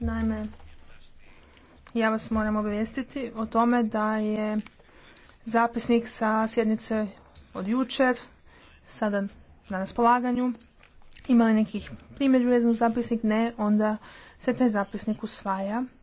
Naime, ja vas moram obavijestiti o tome da je zapisnik sa sjednice od jučer sada na raspolaganju. imali li nekih primjedbi vezano zapisnik? Ne, onda se taj zapisnik usvaja.